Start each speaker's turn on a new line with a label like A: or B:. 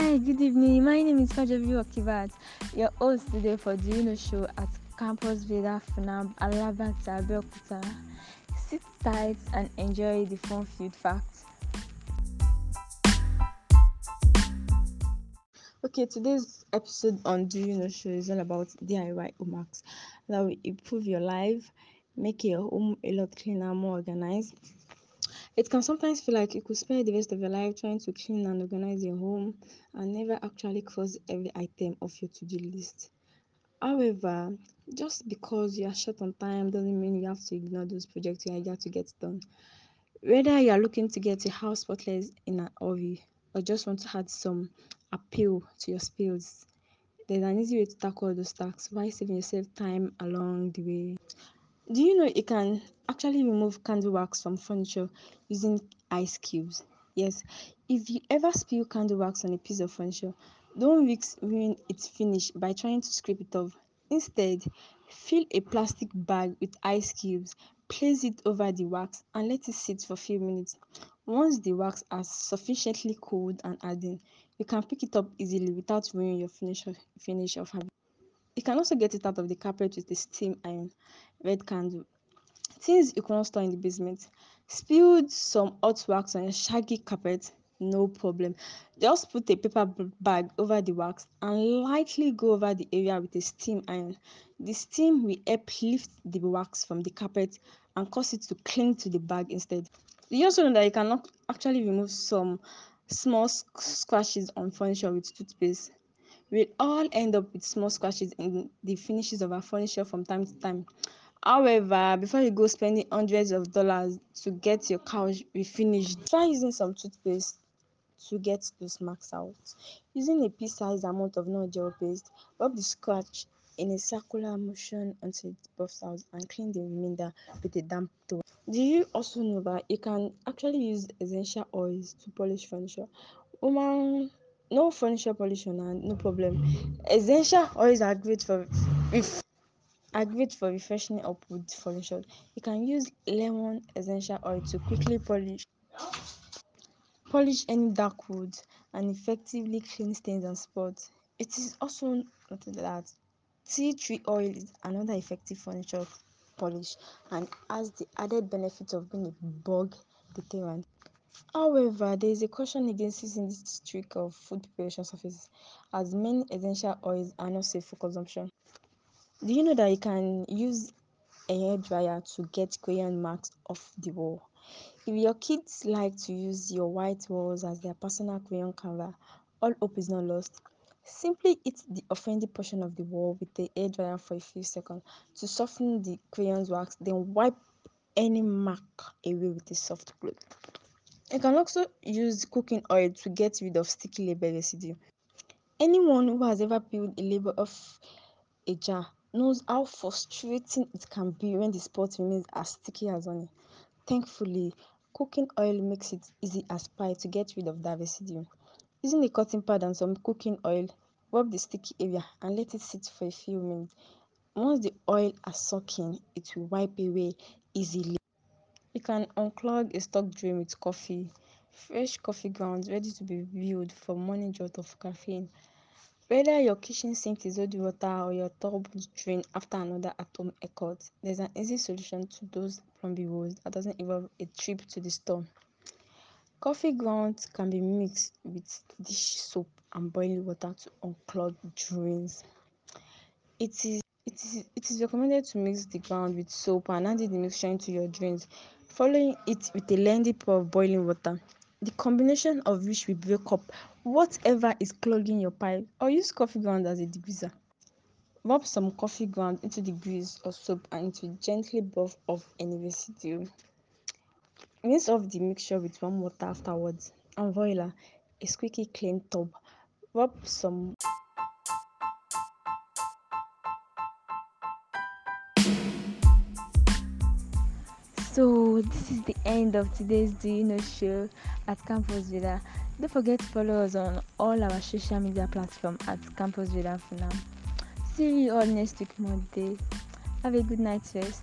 A: Hi, good evening. My name is Kajavi Okivat, your host today for the UNO show at Campus Veda Funab Alabata Belkuta. Sit tight and enjoy the fun field facts. Okay, today's episode on the You Show is all about DIY Omax that will improve your life, make your home a lot cleaner, more organized, it can sometimes feel like you could spend the rest of your life trying to clean and organize your home and never actually cross every item of your to do list. However, just because you are short on time doesn't mean you have to ignore those projects you have to get done. Whether you are looking to get your house spotless in an hurry or just want to add some appeal to your spills, there's an easy way to tackle those tasks while saving yourself time along the way. Do you know it can actually remove candle wax from furniture using ice cubes? Yes. If you ever spill candle wax on a piece of furniture, don't risk ruining its finish by trying to scrape it off. Instead, fill a plastic bag with ice cubes, place it over the wax, and let it sit for a few minutes. Once the wax has sufficiently cooled and hardened, you can pick it up easily without ruining your finish of, finish of habit. You can also get it out of the carpet with a steam iron, red candle. Things you cannot store in the basement. Spilled some hot wax on a shaggy carpet, no problem. Just put a paper bag over the wax and lightly go over the area with a steam iron. The steam will uplift the wax from the carpet and cause it to cling to the bag instead. You also know that you cannot actually remove some small sc- scratches on furniture with toothpaste we will all end up with small scratches in the finishes of our furniture from time to time. However, before you go spending hundreds of dollars to get your couch refinished, try using some toothpaste to get those marks out. Using a pea-sized amount of non-gel paste, rub the scratch in a circular motion until it buffs out and clean the remainder with a damp towel. Do you also know that you can actually use essential oils to polish furniture? Woman no furniture pollution and no problem. Essential oils are great for if are great for refreshing up with furniture. You can use lemon essential oil to quickly polish polish any dark wood and effectively clean stains and spots. It is also noted that tea tree oil is another effective furniture polish and has the added benefit of being a bug deterrent. However, there is a caution against using this trick of food preparation surfaces, as many essential oils are not safe for consumption. Do you know that you can use a hairdryer to get crayon marks off the wall? If your kids like to use your white walls as their personal crayon canvas, all hope is not lost. Simply hit the offending portion of the wall with the hairdryer for a few seconds to soften the crayon's wax, then wipe any mark away with a soft cloth. You can also use cooking oil to get rid of sticky label residue. Anyone who has ever peeled a label off a jar knows how frustrating it can be when the spot remains as sticky as honey. Thankfully, cooking oil makes it easy as pie to get rid of that residue. Using a cotton pad and some cooking oil, rub the sticky area and let it sit for a few minutes. Once the oil has soaking, in, it will wipe away easily. You can unclog a stuck dream with coffee. Fresh coffee grounds ready to be brewed for morning jolt of caffeine. Whether your kitchen sink is old water or your tub drain after another atom haircut, there's an easy solution to those plumbing woes that doesn't involve a trip to the store. Coffee grounds can be mixed with dish soap and boiling water to unclog drains. It is it is, it is recommended to mix the ground with soap and add the mixture into your drains following it with a lengthy pour of boiling water, the combination of which will break up whatever is clogging your pipe or use coffee ground as a degreaser. Rub some coffee ground into the grease or soap and it will gently buff off any residue. Rinse off the mixture with warm water afterwards. And voila, a squeaky clean tub. Rub some So this is the end of today's Do You Know show at Campus Villa. Don't forget to follow us on all our social media platforms at Campus Villa for now. See you all next week Monday. Have a good night first.